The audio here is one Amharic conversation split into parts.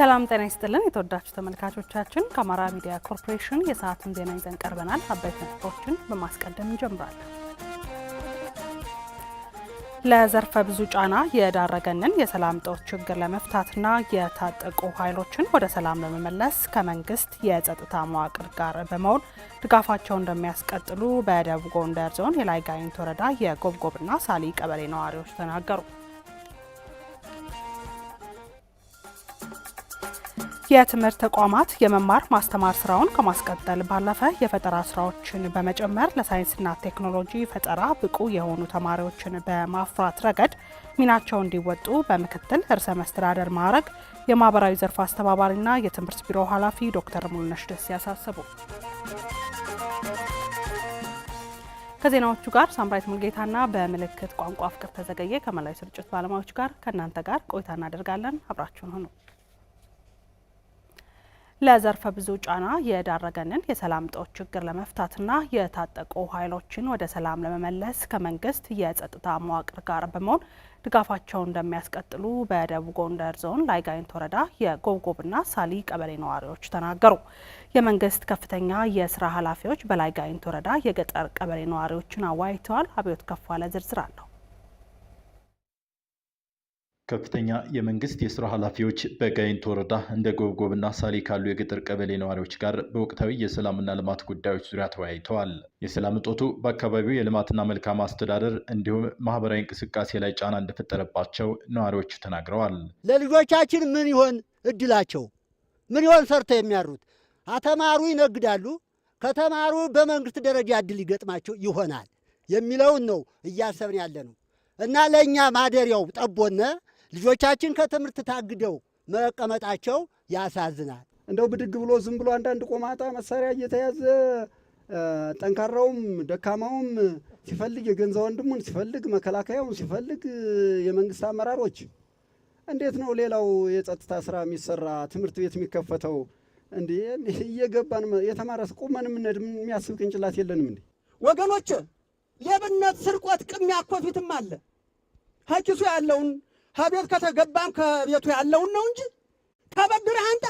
ሰላም ጤና ይስጥልን የተወዳችሁ ተመልካቾቻችን፣ ከአማራ ሚዲያ ኮርፖሬሽን የሰዓቱን ዜና ይዘን ቀርበናል። አበይት ነጥቦችን በማስቀደም እንጀምራለን። ለዘርፈ ብዙ ጫና የዳረገንን የሰላም እጦት ችግር ለመፍታትና የታጠቁ ኃይሎችን ወደ ሰላም ለመመለስ ከመንግስት የጸጥታ መዋቅር ጋር በመሆን ድጋፋቸውን እንደሚያስቀጥሉ በደቡብ ጎንደር ዞን የላይ ጋይንት ወረዳ የጎብጎብና ሳሊ ቀበሌ ነዋሪዎች ተናገሩ። የትምህርት ተቋማት የመማር ማስተማር ስራውን ከማስቀጠል ባለፈ የፈጠራ ስራዎችን በመጨመር ለሳይንስና ቴክኖሎጂ ፈጠራ ብቁ የሆኑ ተማሪዎችን በማፍራት ረገድ ሚናቸውን እንዲወጡ በምክትል ርዕሰ መስተዳደር ማዕረግ የማህበራዊ ዘርፍ አስተባባሪና የትምህርት ቢሮ ኃላፊ ዶክተር ሙሉነሽ ደስ ያሳሰቡ። ከዜናዎቹ ጋር ሳምራይት ሙልጌታና በምልክት ቋንቋ ፍቅር ተዘገየ ከመላዊ ስርጭት ባለሙያዎች ጋር ከእናንተ ጋር ቆይታ እናደርጋለን። አብራችሁን ሁኑ። ለዘርፈ ብዙ ጫና የዳረገንን የሰላም እጦት ችግር ለመፍታትና የታጠቁ ኃይሎችን ወደ ሰላም ለመመለስ ከመንግስት የጸጥታ መዋቅር ጋር በመሆን ድጋፋቸውን እንደሚያስቀጥሉ በደቡብ ጎንደር ዞን ላይጋይንት ወረዳ የጎብጎብና ሳሊ ቀበሌ ነዋሪዎች ተናገሩ። የመንግስት ከፍተኛ የስራ ኃላፊዎች በላይጋይንት ወረዳ የገጠር ቀበሌ ነዋሪዎችን አዋይተዋል አብዮት ከፋለ ዝርዝር አለው። ከፍተኛ የመንግስት የስራ ኃላፊዎች በጋይንት ወረዳ እንደ ጎብጎብና ሳሌ ካሉ የገጠር ቀበሌ ነዋሪዎች ጋር በወቅታዊ የሰላምና ልማት ጉዳዮች ዙሪያ ተወያይተዋል። የሰላም እጦቱ በአካባቢው የልማትና መልካም አስተዳደር እንዲሁም ማህበራዊ እንቅስቃሴ ላይ ጫና እንደፈጠረባቸው ነዋሪዎቹ ተናግረዋል። ለልጆቻችን ምን ይሆን እድላቸው? ምን ይሆን ሰርተው የሚያሩት? አተማሩ ይነግዳሉ። ከተማሩ በመንግስት ደረጃ እድል ይገጥማቸው ይሆናል የሚለውን ነው እያሰብን ያለ ነው እና ለእኛ ማደሪያው ጠቦነ ልጆቻችን ከትምህርት ታግደው መቀመጣቸው ያሳዝናል። እንደው ብድግ ብሎ ዝም ብሎ አንዳንድ ቆማጣ መሳሪያ እየተያዘ ጠንካራውም ደካማውም ሲፈልግ የገንዘብ ወንድሙን ሲፈልግ መከላከያውን ሲፈልግ የመንግስት አመራሮች እንዴት ነው ሌላው የጸጥታ ስራ የሚሰራ ትምህርት ቤት የሚከፈተው? እንዴ እየገባን የተማረስ ቁመን ምነድ የሚያስብ ቅንጭላት የለንም እንዴ ወገኖች። ሌብነት፣ ስርቆት፣ ቅሚያ ኮፊትም አለ ሀኪሱ ያለውን ከቤት ከተገባም ከቤቱ ያለውን ነው እንጂ ተበድረህ አንጣ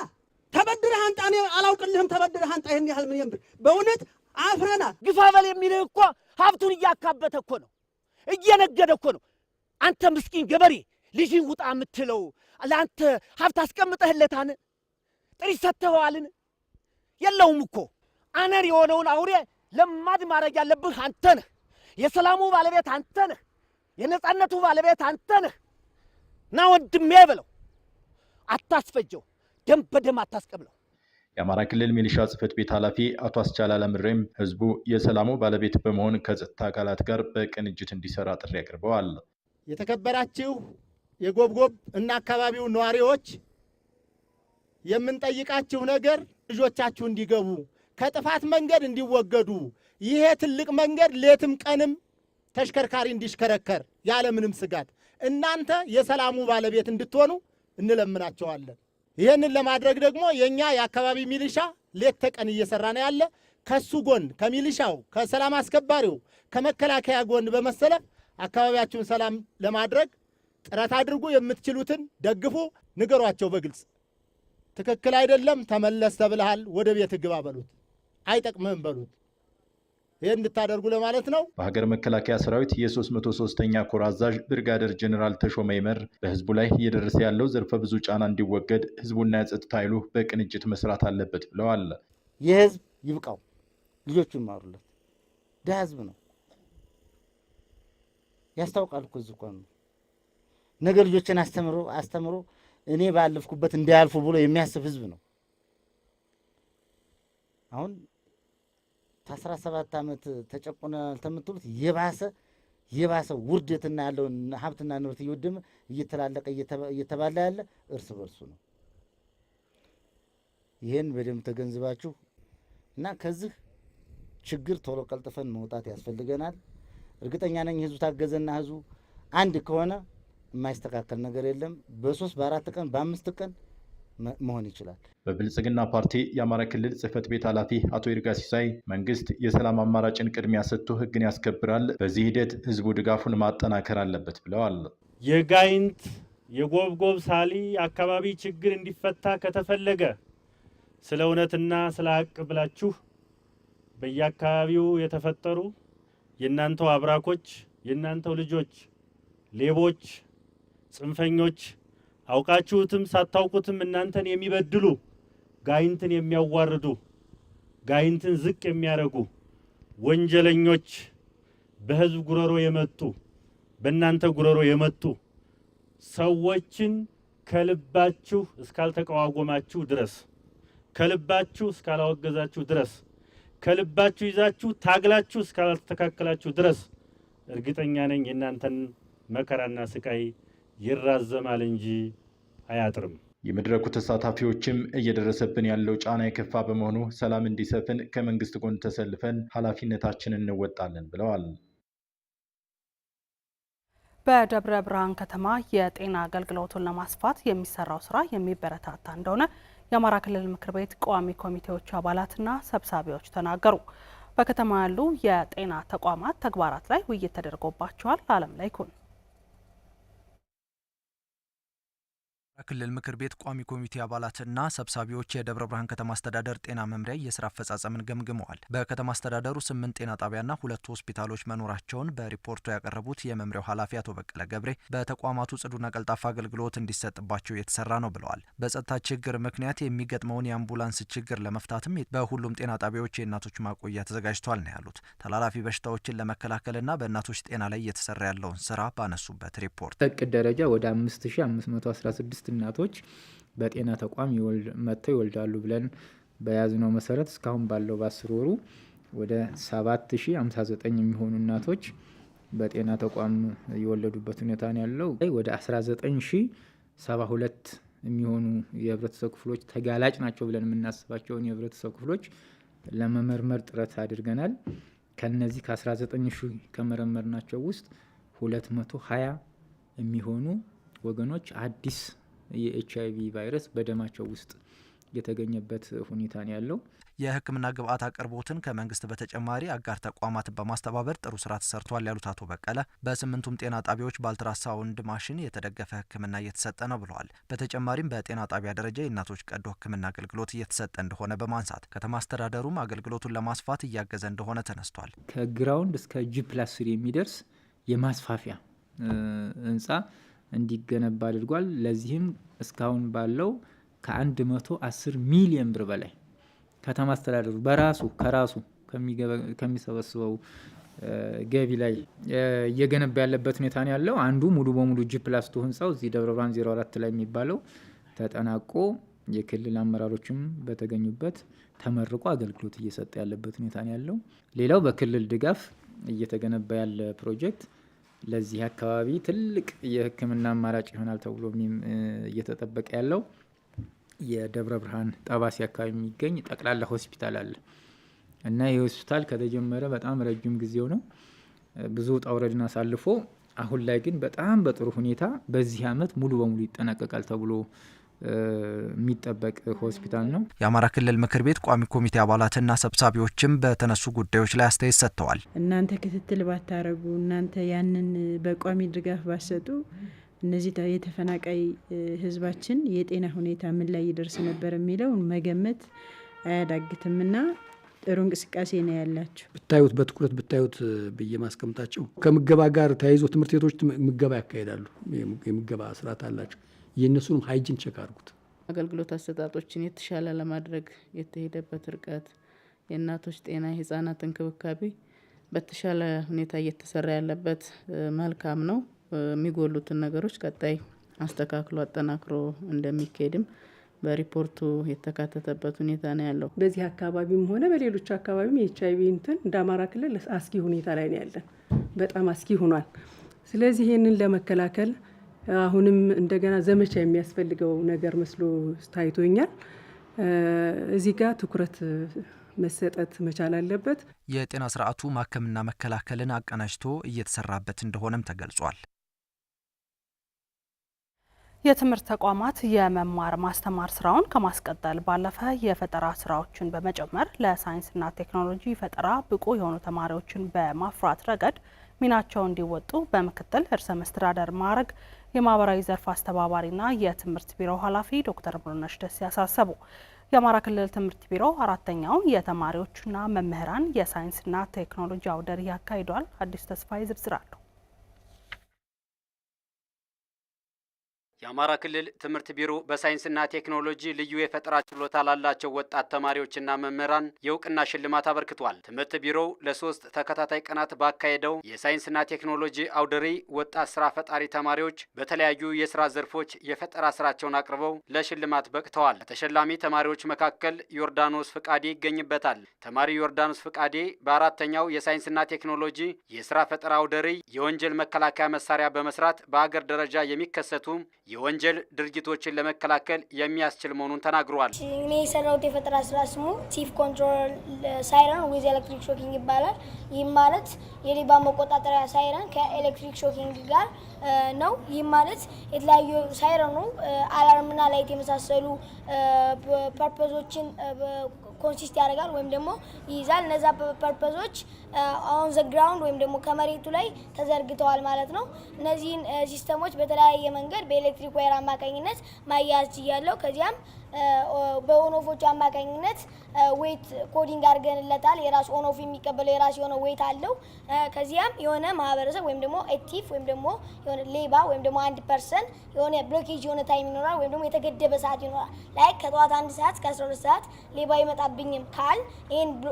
ተበድረህ አንጣ እኔ አላውቅልህም። ተበድረህ አንጣ ይህን ያህል ምን ብር በእውነት አፍረና ግፋበል የሚልህ እኮ ሀብቱን እያካበተ እኮ ነው፣ እየነገደ እኮ ነው። አንተ ምስኪን ገበሬ ልጅን ውጣ የምትለው ለአንተ ሀብት አስቀምጠህለታን ጥሪ ሰጥተኸዋልን? የለውም እኮ አነር የሆነውን አውሬ ለማድ ማድረግ ያለብህ አንተ ነህ። የሰላሙ ባለቤት አንተ ነህ። የነጻነቱ ባለቤት አንተ ነህ። ና ወንድሜ በለው፣ አታስፈጀው፣ ደም በደም አታስቀብለው። የአማራ ክልል ሚሊሻ ጽህፈት ቤት ኃላፊ አቶ አስቻል አለምሬም ህዝቡ የሰላሙ ባለቤት በመሆን ከጸጥታ አካላት ጋር በቅንጅት እንዲሰራ ጥሪ አቅርበዋል። የተከበራችሁ የጎብጎብ እና አካባቢው ነዋሪዎች የምንጠይቃችሁ ነገር ልጆቻችሁ እንዲገቡ ከጥፋት መንገድ እንዲወገዱ ይሄ ትልቅ መንገድ ሌትም ቀንም ተሽከርካሪ እንዲሽከረከር ያለምንም ስጋት እናንተ የሰላሙ ባለቤት እንድትሆኑ እንለምናቸዋለን። ይህንን ለማድረግ ደግሞ የእኛ የአካባቢ ሚሊሻ ሌት ተቀን እየሰራ ነው ያለ። ከሱ ጎን ከሚሊሻው ከሰላም አስከባሪው ከመከላከያ ጎን በመሰለፍ አካባቢያችሁን ሰላም ለማድረግ ጥረት አድርጉ። የምትችሉትን ደግፉ፣ ንገሯቸው በግልጽ ትክክል አይደለም፣ ተመለስ ተብልሃል፣ ወደ ቤት ግባ በሉት፣ አይጠቅምህም በሉት። ይህ እንድታደርጉ ለማለት ነው። በሀገር መከላከያ ሰራዊት የ303ኛ ኮር አዛዥ ብርጋደር ጀኔራል ተሾመ ይመር በህዝቡ ላይ እየደረሰ ያለው ዘርፈ ብዙ ጫና እንዲወገድ ህዝቡና የጸጥታ ኃይሉ በቅንጅት መስራት አለበት ብለዋል። ይህ ህዝብ ይብቃው፣ ልጆቹ ይማሩለት። ድሀ ህዝብ ነው ያስታውቃል እኮ እዚህ ነው ነገ ልጆችን አስተምሮ አስተምሮ እኔ ባለፍኩበት እንዳያልፉ ብሎ የሚያስብ ህዝብ ነው አሁን አስራ ሰባት ዓመት ተጨቁነናል ተምትሉት የባሰ የባሰ ውርደትና ያለውን ሀብትና ንብረት እየወደመ እየተላለቀ እየተባላ ያለ እርስ በርሱ ነው። ይህን በደንብ ተገንዝባችሁ እና ከዚህ ችግር ቶሎ ቀልጥፈን መውጣት ያስፈልገናል። እርግጠኛ ነኝ ህዝቡ ታገዘና ህዝቡ አንድ ከሆነ የማይስተካከል ነገር የለም። በሶስት በአራት ቀን በአምስት ቀን መሆን ይችላል። በብልጽግና ፓርቲ የአማራ ክልል ጽህፈት ቤት ኃላፊ አቶ ይርጋ ሲሳይ መንግስት የሰላም አማራጭን ቅድሚያ ሰጥቶ ህግን ያስከብራል፣ በዚህ ሂደት ህዝቡ ድጋፉን ማጠናከር አለበት ብለዋል። የጋይንት የጎብጎብ ሳሊ አካባቢ ችግር እንዲፈታ ከተፈለገ ስለ እውነትና ስለ ሀቅ ብላችሁ በየአካባቢው የተፈጠሩ የእናንተው አብራኮች፣ የእናንተው ልጆች፣ ሌቦች፣ ጽንፈኞች አውቃችሁትም ሳታውቁትም እናንተን የሚበድሉ ጋይንትን የሚያዋርዱ ጋይንትን ዝቅ የሚያረጉ ወንጀለኞች በህዝብ ጉረሮ የመጡ በእናንተ ጉረሮ የመጡ ሰዎችን ከልባችሁ እስካልተቃዋጎማችሁ ድረስ ከልባችሁ እስካላወገዛችሁ ድረስ ከልባችሁ ይዛችሁ ታግላችሁ እስካላስተካከላችሁ ድረስ እርግጠኛ ነኝ የእናንተን መከራና ስቃይ ይራዘማል እንጂ አያጥርም። የመድረኩ ተሳታፊዎችም እየደረሰብን ያለው ጫና የከፋ በመሆኑ ሰላም እንዲሰፍን ከመንግስት ጎን ተሰልፈን ኃላፊነታችንን እንወጣለን ብለዋል። በደብረ ብርሃን ከተማ የጤና አገልግሎቱን ለማስፋት የሚሰራው ስራ የሚበረታታ እንደሆነ የአማራ ክልል ምክር ቤት ቋሚ ኮሚቴዎች አባላትና ሰብሳቢዎች ተናገሩ። በከተማ ያሉ የጤና ተቋማት ተግባራት ላይ ውይይት ተደርጎባቸዋል። አለም ላይ ኩን ክልል ምክር ቤት ቋሚ ኮሚቴ አባላትና ሰብሳቢዎች የደብረ ብርሃን ከተማ አስተዳደር ጤና መምሪያ የስራ አፈጻጸምን ገምግመዋል። በከተማ አስተዳደሩ ስምንት ጤና ጣቢያና ሁለቱ ሆስፒታሎች መኖራቸውን በሪፖርቱ ያቀረቡት የመምሪያው ኃላፊ አቶ በቀለ ገብሬ በተቋማቱ ጽዱና ቀልጣፋ አገልግሎት እንዲሰጥባቸው የተሰራ ነው ብለዋል። በጸጥታ ችግር ምክንያት የሚገጥመውን የአምቡላንስ ችግር ለመፍታትም በሁሉም ጤና ጣቢያዎች የእናቶች ማቆያ ተዘጋጅቷል ነው ያሉት። ተላላፊ በሽታዎችን ለመከላከልና በእናቶች ጤና ላይ እየተሰራ ያለውን ስራ ባነሱበት ሪፖርት ደረጃ ወደ 5516 እናቶች በጤና ተቋም መጥተው ይወልዳሉ ብለን በያዝነው መሰረት እስካሁን ባለው በአስር ወሩ ወደ 7059 የሚሆኑ እናቶች በጤና ተቋም የወለዱበት ሁኔታ ነው ያለው። ወደ 19072 የሚሆኑ የህብረተሰብ ክፍሎች ተጋላጭ ናቸው ብለን የምናስባቸውን የህብረተሰብ ክፍሎች ለመመርመር ጥረት አድርገናል። ከነዚህ ከ19 ሺህ ከመረመርናቸው ውስጥ 220 የሚሆኑ ወገኖች አዲስ የኤች አይቪ ቫይረስ በደማቸው ውስጥ የተገኘበት ሁኔታ ነው ያለው። የሕክምና ግብአት አቅርቦትን ከመንግስት በተጨማሪ አጋር ተቋማትን በማስተባበር ጥሩ ስራ ተሰርቷል ያሉት አቶ በቀለ በስምንቱም ጤና ጣቢያዎች በአልትራሳውንድ ማሽን የተደገፈ ሕክምና እየተሰጠ ነው ብለዋል። በተጨማሪም በጤና ጣቢያ ደረጃ የእናቶች ቀዶ ሕክምና አገልግሎት እየተሰጠ እንደሆነ በማንሳት ከተማ አስተዳደሩም አገልግሎቱን ለማስፋት እያገዘ እንደሆነ ተነስቷል። ከግራውንድ እስከ ጂ ፕላስ ስሪ የሚደርስ የማስፋፊያ ህንጻ እንዲገነባ አድርጓል። ለዚህም እስካሁን ባለው ከአንድ መቶ ሚሊዮን ብር በላይ ከተማ አስተዳደሩ በራሱ ከራሱ ከሚሰበስበው ገቢ ላይ እየገነባ ያለበት ሁኔታ ነው ያለው። አንዱ ሙሉ በሙሉ ጂ ፕላስ ቱ ህንፃው እዚህ ደብረ ብርሃን 04 ላይ የሚባለው ተጠናቆ የክልል አመራሮችም በተገኙበት ተመርቆ አገልግሎት እየሰጠ ያለበት ሁኔታ ነው ያለው። ሌላው በክልል ድጋፍ እየተገነባ ያለ ፕሮጀክት ለዚህ አካባቢ ትልቅ የህክምና አማራጭ ይሆናል ተብሎ እየተጠበቀ ያለው የደብረ ብርሃን ጠባሴ አካባቢ የሚገኝ ጠቅላላ ሆስፒታል አለ እና ይህ ሆስፒታል ከተጀመረ በጣም ረጅም ጊዜው ነው። ብዙ ውጣ ውረድን አሳልፎ አሁን ላይ ግን በጣም በጥሩ ሁኔታ በዚህ አመት ሙሉ በሙሉ ይጠናቀቃል ተብሎ የሚጠበቅ ሆስፒታል ነው። የአማራ ክልል ምክር ቤት ቋሚ ኮሚቴ አባላትና ሰብሳቢዎችም በተነሱ ጉዳዮች ላይ አስተያየት ሰጥተዋል። እናንተ ክትትል ባታረጉ፣ እናንተ ያንን በቋሚ ድጋፍ ባሰጡ እነዚህ የተፈናቃይ ህዝባችን የጤና ሁኔታ ምን ላይ ይደርስ ነበር የሚለውን መገመት አያዳግትምና ጥሩ እንቅስቃሴ ነው ያላቸው። ብታዩት በትኩረት ብታዩት ብዬ ማስቀምጣቸው ከምገባ ጋር ተያይዞ ትምህርት ቤቶች ምገባ ያካሄዳሉ። የምገባ ስርዓት አላቸው። የእነሱንም ሀይጅን ቸክ አድርጉት። አገልግሎት አሰጣጦችን የተሻለ ለማድረግ የተሄደበት ርቀት፣ የእናቶች ጤና፣ የህጻናት እንክብካቤ በተሻለ ሁኔታ እየተሰራ ያለበት መልካም ነው። የሚጎሉትን ነገሮች ቀጣይ አስተካክሎ አጠናክሮ እንደሚካሄድም በሪፖርቱ የተካተተበት ሁኔታ ነው ያለው። በዚህ አካባቢም ሆነ በሌሎች አካባቢም የኤች አይቪ እንትን እንደ አማራ ክልል አስጊ ሁኔታ ላይ ነው ያለን፣ በጣም አስጊ ሆኗል። ስለዚህ ይህንን ለመከላከል አሁንም እንደገና ዘመቻ የሚያስፈልገው ነገር መስሎ ታይቶኛል። እዚህ ጋር ትኩረት መሰጠት መቻል አለበት። የጤና ስርዓቱ ማከምና መከላከልን አቀናጅቶ እየተሰራበት እንደሆነም ተገልጿል። የትምህርት ተቋማት የመማር ማስተማር ስራውን ከማስቀጠል ባለፈ የፈጠራ ስራዎችን በመጨመር ለሳይንስና ቴክኖሎጂ ፈጠራ ብቁ የሆኑ ተማሪዎችን በማፍራት ረገድ ሚናቸውን እንዲወጡ በምክትል ርዕሰ መስተዳደር ማዕረግ የማህበራዊ ዘርፍ አስተባባሪና የትምህርት ቢሮ ኃላፊ ዶክተር ብሩነሽ ደሴ ያሳሰቡ የአማራ ክልል ትምህርት ቢሮ አራተኛውን የተማሪዎችና መምህራን የሳይንስና ቴክኖሎጂ አውደ ርዕይ ያካሂዷል። አዲስ ተስፋዬ ዝርዝር አለው። የአማራ ክልል ትምህርት ቢሮ በሳይንስና ቴክኖሎጂ ልዩ የፈጠራ ችሎታ ላላቸው ወጣት ተማሪዎችና መምህራን የእውቅና ሽልማት አበርክቷል። ትምህርት ቢሮው ለሶስት ተከታታይ ቀናት ባካሄደው የሳይንስና ቴክኖሎጂ አውደሪ ወጣት ስራ ፈጣሪ ተማሪዎች በተለያዩ የስራ ዘርፎች የፈጠራ ስራቸውን አቅርበው ለሽልማት በቅተዋል። ከተሸላሚ ተማሪዎች መካከል ዮርዳኖስ ፍቃዴ ይገኝበታል። ተማሪ ዮርዳኖስ ፍቃዴ በአራተኛው የሳይንስና ቴክኖሎጂ የስራ ፈጠራ አውደሪ የወንጀል መከላከያ መሳሪያ በመስራት በአገር ደረጃ የሚከሰቱ የወንጀል ድርጊቶችን ለመከላከል የሚያስችል መሆኑን ተናግረዋል። እኔ የሰራሁት የፈጠራ ስራ ስሙ ሲፍ ኮንትሮል ሳይረን ዊዝ ኤሌክትሪክ ሾኪንግ ይባላል። ይህም ማለት የሌባ መቆጣጠሪያ ሳይረን ከኤሌክትሪክ ሾኪንግ ጋር ነው። ይህም ማለት የተለያዩ ሳይረኑ አላርምና ላይት የመሳሰሉ ፐርፖዞችን ኮንሲስት ያደርጋል ወይም ደግሞ ይይዛል። እነዛ ፐርፐዞች ኦን ዘ ግራውንድ ወይም ደግሞ ከመሬቱ ላይ ተዘርግተዋል ማለት ነው። እነዚህን uh, ሲስተሞች በተለያየ መንገድ በኤሌክትሪክ ወይር አማካኝነት ማያያዝ ችያለሁ። ከዚያም uh, በኦኖፎቹ አማካኝነት ዌይት ኮዲንግ አድርገንለታል። የራሱ ኦን የሚቀበለው የራሱ የሆነ ዌይት አለው። ከዚያም የሆነ ማህበረሰብ ወይም ደግሞ ኤቲፍ ወይም ደግሞ የሆነ ሌባ ወይም ደግሞ አንድ ፐርሰን የሆነ ብሎኬጅ የሆነ ታይም ይኖራል፣ ወይም ደግሞ የተገደበ ሰዓት ይኖራል። ላይክ ከጠዋት አንድ ሰዓት እስከ 12 ሰዓት ሌባ አይመጣብኝም ካል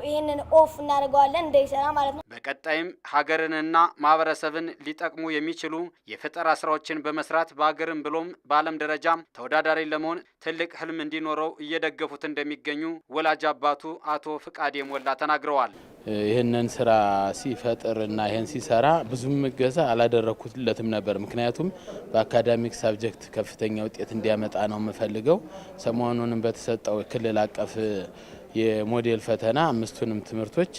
ይህንን ኦፍ እናደርገዋለን እንዳይሰራ ማለት ነው። በቀጣይም ሀገርንና ማህበረሰብን ሊጠቅሙ የሚችሉ የፈጠራ ስራዎችን በመስራት በሀገርም ብሎም በዓለም ደረጃም ተወዳዳሪ ለመሆን ትልቅ ህልም እንዲኖረው እየደገፉት እንደሚገኙ ወላጅ አባቱ አቶ ፍቃዴ ሞላ ተናግረዋል። ይህንን ስራ ሲፈጥር እና ይህን ሲሰራ ብዙም እገዛ አላደረኩለትም ነበር። ምክንያቱም በአካዳሚክ ሳብጀክት ከፍተኛ ውጤት እንዲያመጣ ነው የምፈልገው። ሰሞኑንም በተሰጠው ክልል አቀፍ የሞዴል ፈተና አምስቱንም ትምህርቶች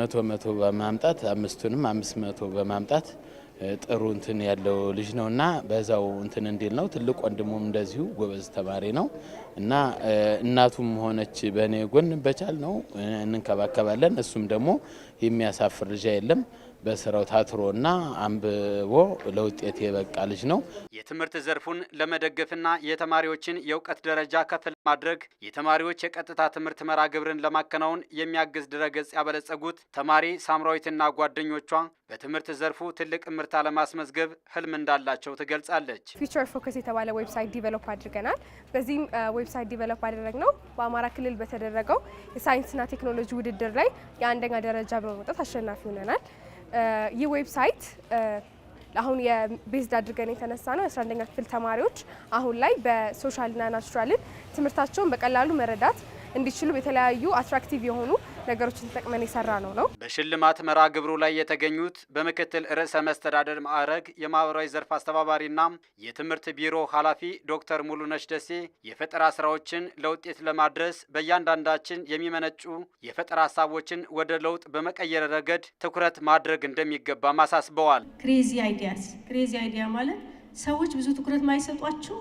መቶ መቶ በማምጣት አምስቱንም አምስት መቶ በማምጣት ጥሩ እንትን ያለው ልጅ ነው እና በዛው እንትን እንዲል ነው። ትልቅ ወንድሙም እንደዚሁ ጎበዝ ተማሪ ነው እና እናቱም ሆነች በእኔ ጎን በቻል ነው እንንከባከባለን። እሱም ደግሞ የሚያሳፍር ልጅ የለም። በስራው ታትሮና አንብቦ ለውጤት የበቃ ልጅ ነው። የትምህርት ዘርፉን ለመደገፍና የተማሪዎችን የእውቀት ደረጃ ከፍ ለማድረግ የተማሪዎች የቀጥታ ትምህርት መርሃ ግብርን ለማከናወን የሚያግዝ ድረገጽ ያበለጸጉት ተማሪ ሳምራዊትና ጓደኞቿ በትምህርት ዘርፉ ትልቅ ምርታ ለማስመዝገብ ህልም እንዳላቸው ትገልጻለች። ፊቸር ፎከስ የተባለ ዌብሳይት ዲቨሎፕ አድርገናል። በዚህም ዌብሳይት ዲቨሎፕ አደረግነው በአማራ ክልል በተደረገው የሳይንስና ቴክኖሎጂ ውድድር ላይ የአንደኛ ደረጃ በመውጣት አሸናፊ ሆነናል። ይህ ዌብሳይት አሁን የቤዝድ አድርገን የተነሳ ነው። የአስራ አንደኛ ክፍል ተማሪዎች አሁን ላይ በሶሻልና ናቹራልን ትምህርታቸውን በቀላሉ መረዳት እንዲችሉ የተለያዩ አትራክቲቭ የሆኑ ነገሮችን ተጠቅመን የሰራ ነው ነው። በሽልማት መርሃ ግብሩ ላይ የተገኙት በምክትል ርዕሰ መስተዳደር ማዕረግ የማህበራዊ ዘርፍ አስተባባሪና የትምህርት ቢሮ ኃላፊ ዶክተር ሙሉነሽ ደሴ የፈጠራ ስራዎችን ለውጤት ለማድረስ በእያንዳንዳችን የሚመነጩ የፈጠራ ሀሳቦችን ወደ ለውጥ በመቀየር ረገድ ትኩረት ማድረግ እንደሚገባም አሳስበዋል። ክሬዚ አይዲያስ ክሬዚ አይዲያ ማለት ሰዎች ብዙ ትኩረት ማይሰጧቸው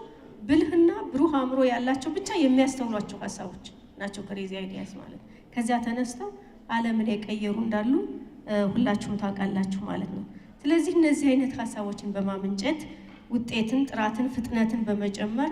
ብልህና ብሩህ አእምሮ ያላቸው ብቻ የሚያስተውሏቸው ሀሳቦች ናቸው ክሬዚ አይዲያስ ማለት። ከዚያ ተነስተው ዓለምን የቀየሩ እንዳሉ ሁላችሁም ታውቃላችሁ ማለት ነው። ስለዚህ እነዚህ አይነት ሀሳቦችን በማመንጨት ውጤትን፣ ጥራትን፣ ፍጥነትን በመጨመር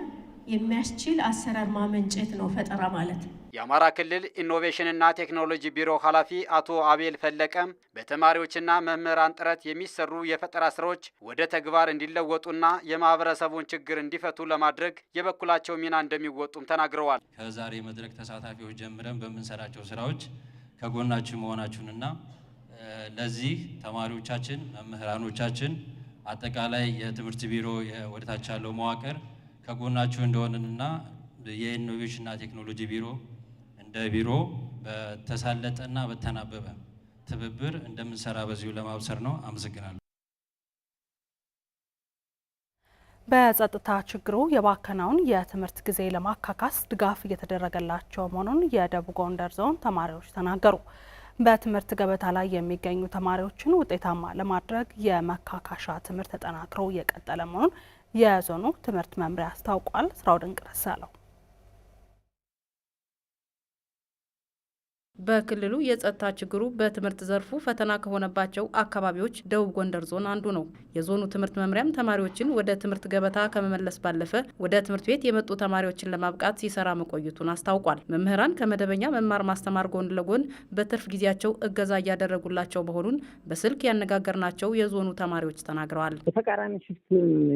የሚያስችል አሰራር ማመንጨት ነው ፈጠራ ማለት ነው። የአማራ ክልል ኢኖቬሽንና ቴክኖሎጂ ቢሮ ኃላፊ አቶ አቤል ፈለቀም በተማሪዎችና መምህራን ጥረት የሚሰሩ የፈጠራ ስራዎች ወደ ተግባር እንዲለወጡና የማህበረሰቡን ችግር እንዲፈቱ ለማድረግ የበኩላቸው ሚና እንደሚወጡም ተናግረዋል። ከዛሬ መድረክ ተሳታፊዎች ጀምረን በምንሰራቸው ስራዎች ከጎናችሁ መሆናችሁንና ለዚህ ተማሪዎቻችን፣ መምህራኖቻችን፣ አጠቃላይ የትምህርት ቢሮ ወደታች ያለው መዋቅር ከጎናችሁ እንደሆንንና የኢኖቬሽንና ቴክኖሎጂ ቢሮ ለቢሮ በተሳለጠና በተናበበ ትብብር እንደምንሰራ በዚሁ ለማብሰር ነው። አመሰግናለሁ። በጸጥታ ችግሩ የባከናውን የትምህርት ጊዜ ለማካካስ ድጋፍ እየተደረገላቸው መሆኑን የደቡብ ጎንደር ዞን ተማሪዎች ተናገሩ። በትምህርት ገበታ ላይ የሚገኙ ተማሪዎችን ውጤታማ ለማድረግ የመካካሻ ትምህርት ተጠናክሮ እየቀጠለ መሆኑን የዞኑ ትምህርት መምሪያ አስታውቋል። ስራው ድንቅ ረሳለው በክልሉ የጸጥታ ችግሩ በትምህርት ዘርፉ ፈተና ከሆነባቸው አካባቢዎች ደቡብ ጎንደር ዞን አንዱ ነው። የዞኑ ትምህርት መምሪያም ተማሪዎችን ወደ ትምህርት ገበታ ከመመለስ ባለፈ ወደ ትምህርት ቤት የመጡ ተማሪዎችን ለማብቃት ሲሰራ መቆየቱን አስታውቋል። መምህራን ከመደበኛ መማር ማስተማር ጎን ለጎን በትርፍ ጊዜያቸው እገዛ እያደረጉላቸው መሆኑን በስልክ ያነጋገርናቸው የዞኑ ተማሪዎች ተናግረዋል። በተቃራኒ ሽፍት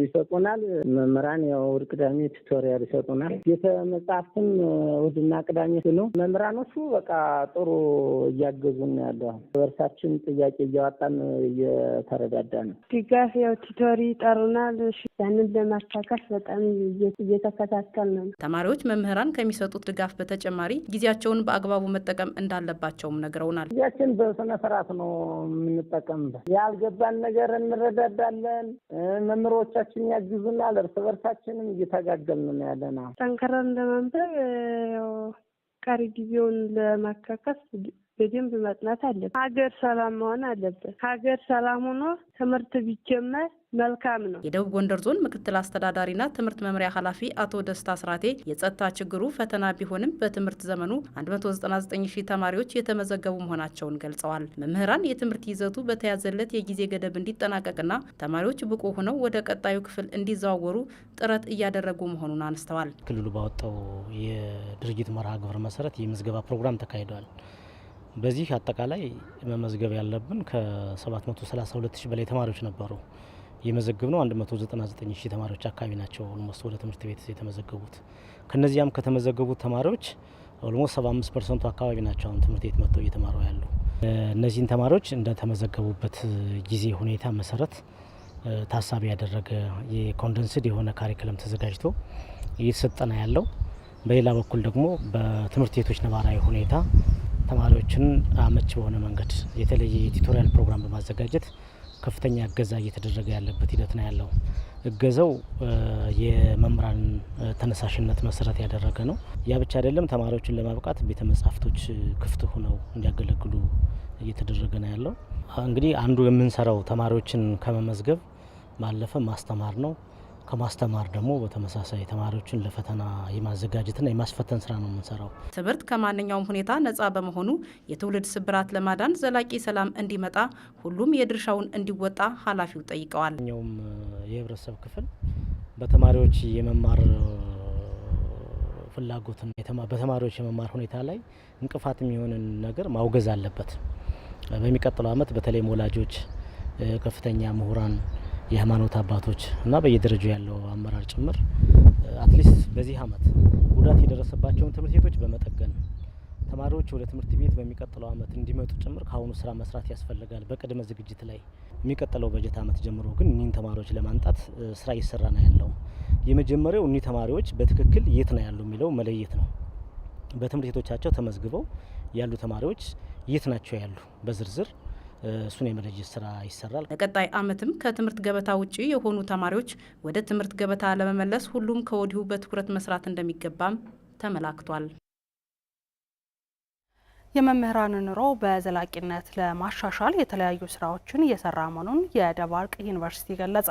ይሰጡናል። መምህራን ያው ቅዳሜ ቱቶሪያል ይሰጡናል። ቤተ መጽሐፍትም ቅዳሜ ነው። መምህራኖቹ በቃ ጥሩ እያገዙን ያለ በእርሳችን ጥያቄ እያወጣን እየተረዳዳ ነው። ድጋፍ ያው ቲቶሪ ጠሩናል። ያንን ለማስታካት በጣም እየተከታተል ነው። ተማሪዎች መምህራን ከሚሰጡት ድጋፍ በተጨማሪ ጊዜያቸውን በአግባቡ መጠቀም እንዳለባቸውም ነግረውናል። ጊዜያችን በስነ ስርዓት ነው የምንጠቀምበት። ያልገባን ነገር እንረዳዳለን። መምህሮቻችን ያግዙናል። እርስ በርሳችንም እየተጋገልን ነው ያለና ጠንክረን ለማንበብ አከራካሪ ጊዜውን ለማካከፍ በደንብ መጥናት አለብን። ሀገር ሰላም መሆን አለበት። ሀገር ሰላም ሆኖ ትምህርት ቢጀመር መልካም ነው። የደቡብ ጎንደር ዞን ምክትል አስተዳዳሪና ትምህርት መምሪያ ኃላፊ አቶ ደስታ ስራቴ የጸጥታ ችግሩ ፈተና ቢሆንም በትምህርት ዘመኑ 199 ሺህ ተማሪዎች የተመዘገቡ መሆናቸውን ገልጸዋል። መምህራን የትምህርት ይዘቱ በተያዘለት የጊዜ ገደብ እንዲጠናቀቅና ተማሪዎች ብቁ ሆነው ወደ ቀጣዩ ክፍል እንዲዘዋወሩ ጥረት እያደረጉ መሆኑን አንስተዋል። ክልሉ ባወጣው የድርጅት መርሃ ግብር መሰረት የምዝገባ ፕሮግራም ተካሂደዋል። በዚህ አጠቃላይ መመዝገብ ያለብን ከ732 ሺህ በላይ ተማሪዎች ነበሩ። የመዘግብ ነው 199 ሺህ ተማሪዎች አካባቢ ናቸው ኦልሞስት ወደ ትምህርት ቤት የተመዘገቡት። ከነዚያም ከተመዘገቡት ተማሪዎች ኦልሞስት 75 ፐርሰንቱ አካባቢ ናቸው አሁን ትምህርት ቤት መጥተው እየተማሩ ያሉ። እነዚህን ተማሪዎች እንደተመዘገቡበት ጊዜ ሁኔታ መሰረት ታሳቢ ያደረገ የኮንደንስድ የሆነ ካሪክለም ተዘጋጅቶ እየተሰጠነ ያለው በሌላ በኩል ደግሞ በትምህርት ቤቶች ነባራዊ ሁኔታ ተማሪዎችን አመች በሆነ መንገድ የተለየ የቲቶሪያል ፕሮግራም በማዘጋጀት ከፍተኛ እገዛ እየተደረገ ያለበት ሂደት ነው ያለው። እገዛው የመምህራን ተነሳሽነት መሰረት ያደረገ ነው። ያ ብቻ አይደለም፣ ተማሪዎችን ለማብቃት ቤተ መጻሕፍቶች ክፍት ሆነው እንዲያገለግሉ እየተደረገ ነው ያለው። እንግዲህ አንዱ የምንሰራው ተማሪዎችን ከመመዝገብ ባለፈ ማስተማር ነው። ከማስተማር ደግሞ በተመሳሳይ ተማሪዎችን ለፈተና የማዘጋጀትና የማስፈተን ስራ ነው የምንሰራው። ትምህርት ከማንኛውም ሁኔታ ነጻ በመሆኑ የትውልድ ስብራት ለማዳን ዘላቂ ሰላም እንዲመጣ ሁሉም የድርሻውን እንዲወጣ ኃላፊው ጠይቀዋል። ኛውም የህብረተሰብ ክፍል በተማሪዎች የመማር ፍላጎትና በተማሪዎች የመማር ሁኔታ ላይ እንቅፋት የሚሆንን ነገር ማውገዝ አለበት። በሚቀጥለው አመት በተለይም ወላጆች፣ ከፍተኛ ምሁራን የሃይማኖት አባቶች እና በየደረጃው ያለው አመራር ጭምር አትሊስት uh, በዚህ አመት ጉዳት የደረሰባቸውን ትምህርት ቤቶች በመጠገን ተማሪዎች ወደ ትምህርት ቤት በሚቀጥለው አመት እንዲመጡ ጭምር ከአሁኑ ስራ መስራት ያስፈልጋል። በቅድመ ዝግጅት ላይ የሚቀጥለው በጀት አመት ጀምሮ ግን እኒህን ተማሪዎች ለማምጣት uh, ስራ እየሰራ ነው ያለው። የመጀመሪያው እኒህ ተማሪዎች በትክክል የት ነው ያሉ የሚለው መለየት ነው። በትምህርት ቤቶቻቸው ተመዝግበው ያሉ ተማሪዎች የት ናቸው ያሉ በዝርዝር እሱን የመረጅት ስራ ይሰራል። በቀጣይ አመትም ከትምህርት ገበታ ውጪ የሆኑ ተማሪዎች ወደ ትምህርት ገበታ ለመመለስ ሁሉም ከወዲሁ በትኩረት መስራት እንደሚገባም ተመላክቷል። የመምህራን ኑሮ በዘላቂነት ለማሻሻል የተለያዩ ስራዎችን እየሰራ መሆኑን የደባርቅ ዩኒቨርሲቲ ገለጸ።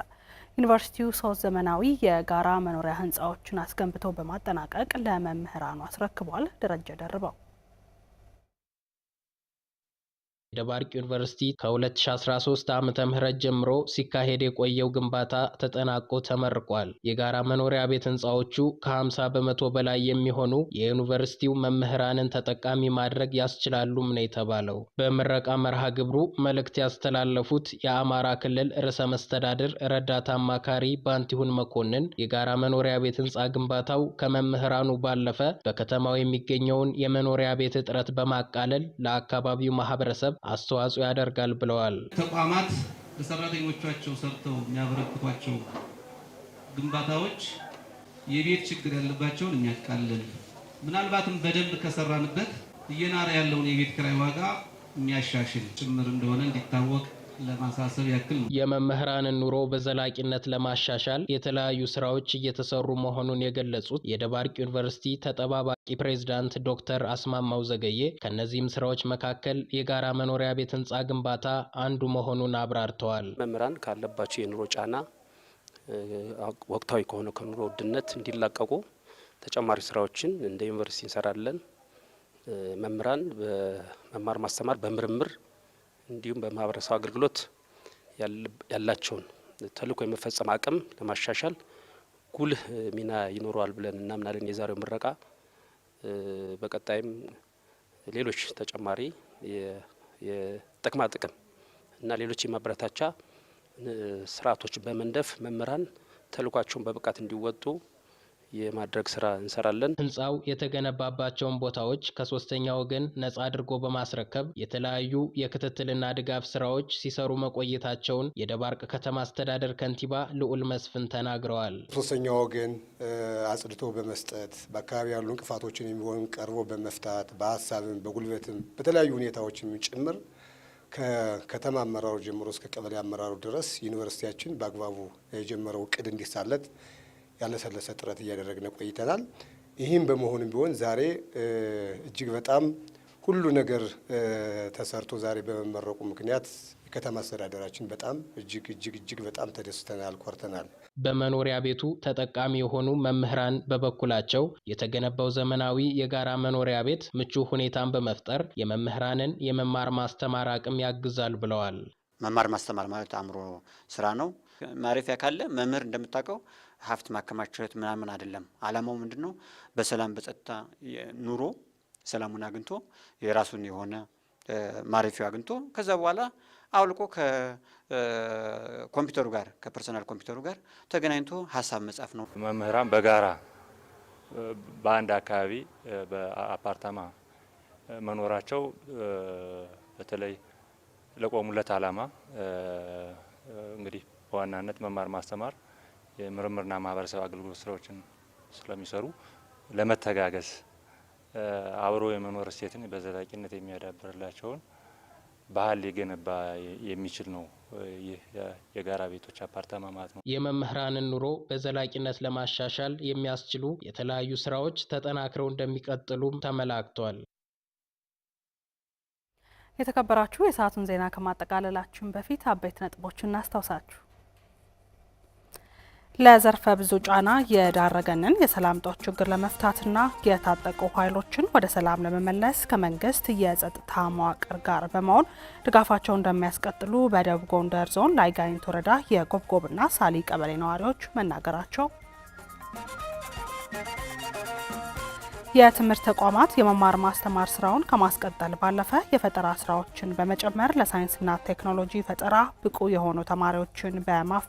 ዩኒቨርሲቲው ሶስት ዘመናዊ የጋራ መኖሪያ ህንፃዎችን አስገንብቶ በማጠናቀቅ ለመምህራኑ አስረክቧል። ደረጀ ደርበው የደባርቅ ዩኒቨርሲቲ ከ2013 ዓ ም ጀምሮ ሲካሄድ የቆየው ግንባታ ተጠናቆ ተመርቋል። የጋራ መኖሪያ ቤት ህንፃዎቹ ከ50 በመቶ በላይ የሚሆኑ የዩኒቨርሲቲው መምህራንን ተጠቃሚ ማድረግ ያስችላሉም ነው የተባለው። በምረቃ መርሃ ግብሩ መልእክት ያስተላለፉት የአማራ ክልል ርዕሰ መስተዳድር ረዳት አማካሪ ባንቲሁን መኮንን የጋራ መኖሪያ ቤት ህንፃ ግንባታው ከመምህራኑ ባለፈ በከተማው የሚገኘውን የመኖሪያ ቤት እጥረት በማቃለል ለአካባቢው ማህበረሰብ አስተዋጽኦ ያደርጋል ብለዋል። ተቋማት ለሰራተኞቻቸው ሰርተው የሚያበረክቷቸው ግንባታዎች የቤት ችግር ያለባቸውን የሚያቃልል ምናልባትም በደንብ ከሰራንበት እየናረ ያለውን የቤት ክራይ ዋጋ የሚያሻሽል ጭምር እንደሆነ እንዲታወቅ ለማሳሰብ ያክል ነው። የመምህራንን ኑሮ በዘላቂነት ለማሻሻል የተለያዩ ስራዎች እየተሰሩ መሆኑን የገለጹት የደባርቅ ዩኒቨርሲቲ ተጠባባቂ ፕሬዝዳንት ዶክተር አስማማው ዘገየ ከእነዚህም ስራዎች መካከል የጋራ መኖሪያ ቤት ህንፃ ግንባታ አንዱ መሆኑን አብራርተዋል። መምህራን ካለባቸው የኑሮ ጫና ወቅታዊ ከሆነ ከኑሮ ውድነት እንዲላቀቁ ተጨማሪ ስራዎችን እንደ ዩኒቨርሲቲ እንሰራለን። መምህራን በመማር ማስተማር በምርምር እንዲሁም በማህበረሰብ አገልግሎት ያላቸውን ተልእኮ የመፈጸም አቅም ለማሻሻል ጉልህ ሚና ይኖረዋል ብለን እናምናለን። የዛሬው ምረቃ በቀጣይም ሌሎች ተጨማሪ የጥቅማ ጥቅም እና ሌሎች የማበረታቻ ስርዓቶችን በመንደፍ መምህራን ተልኳቸውን በብቃት እንዲወጡ የማድረግ ስራ እንሰራለን። ህንፃው የተገነባባቸውን ቦታዎች ከሶስተኛ ወገን ነጻ አድርጎ በማስረከብ የተለያዩ የክትትልና ድጋፍ ስራዎች ሲሰሩ መቆየታቸውን የደባርቅ ከተማ አስተዳደር ከንቲባ ልዑል መስፍን ተናግረዋል። ሶስተኛ ወገን አጽድቶ በመስጠት በአካባቢ ያሉ እንቅፋቶችን የሚሆን ቀርቦ በመፍታት በሀሳብም በጉልበትም በተለያዩ ሁኔታዎችም ጭምር ከከተማ አመራሩ ጀምሮ እስከ ቀበሌ አመራሩ ድረስ ዩኒቨርሲቲያችን በአግባቡ የጀመረው እቅድ እንዲሳለጥ ያለሰለሰ ጥረት እያደረግን ቆይተናል። ይህም በመሆኑም ቢሆን ዛሬ እጅግ በጣም ሁሉ ነገር ተሰርቶ ዛሬ በመመረቁ ምክንያት የከተማ አስተዳደራችን በጣም እጅግ እጅግ እጅግ በጣም ተደስተናል፣ ኮርተናል። በመኖሪያ ቤቱ ተጠቃሚ የሆኑ መምህራን በበኩላቸው የተገነባው ዘመናዊ የጋራ መኖሪያ ቤት ምቹ ሁኔታን በመፍጠር የመምህራንን የመማር ማስተማር አቅም ያግዛል ብለዋል። መማር ማስተማር ማለት አእምሮ ስራ ነው። ማረፊያ ካለ መምህር እንደምታውቀው ሀብት ማከማቸት ምናምን አይደለም። አላማው ምንድን ነው? በሰላም በጸጥታ ኑሮ ሰላሙን አግኝቶ የራሱን የሆነ ማረፊያ አግኝቶ ከዛ በኋላ አውልቆ ከኮምፒውተሩ ጋር ከፐርሰናል ኮምፒውተሩ ጋር ተገናኝቶ ሀሳብ መጻፍ ነው። መምህራን በጋራ በአንድ አካባቢ በአፓርታማ መኖራቸው በተለይ ለቆሙለት ዓላማ እንግዲህ በዋናነት መማር ማስተማር፣ የምርምርና ማህበረሰብ አገልግሎት ስራዎችን ስለሚሰሩ ለመተጋገዝ አብሮ የመኖር እሴትን በዘላቂነት የሚያዳብርላቸውን ባህል ሊገነባ የሚችል ነው። ይህ የጋራ ቤቶች አፓርታማ ማለት ነው። የመምህራንን ኑሮ በዘላቂነት ለማሻሻል የሚያስችሉ የተለያዩ ስራዎች ተጠናክረው እንደሚቀጥሉም ተመላክቷል። የተከበራችሁ የሰዓቱን ዜና ከማጠቃለላችን በፊት አበይት ነጥቦች እናስታውሳችሁ። ለዘርፈ ብዙ ጫና የዳረገንን የሰላም እጦት ችግር ለመፍታትና የታጠቁ ኃይሎችን ወደ ሰላም ለመመለስ ከመንግስት የጸጥታ መዋቅር ጋር በመሆን ድጋፋቸውን እንደሚያስቀጥሉ በደቡብ ጎንደር ዞን ላይጋይንት ወረዳ የጎብጎብና ሳሊ ቀበሌ ነዋሪዎች መናገራቸው የትምህርት ተቋማት የመማር ማስተማር ስራውን ከማስቀጠል ባለፈ የፈጠራ ስራዎችን በመጨመር ለሳይንስና ቴክኖሎጂ ፈጠራ ብቁ የሆኑ ተማሪዎችን በማፋ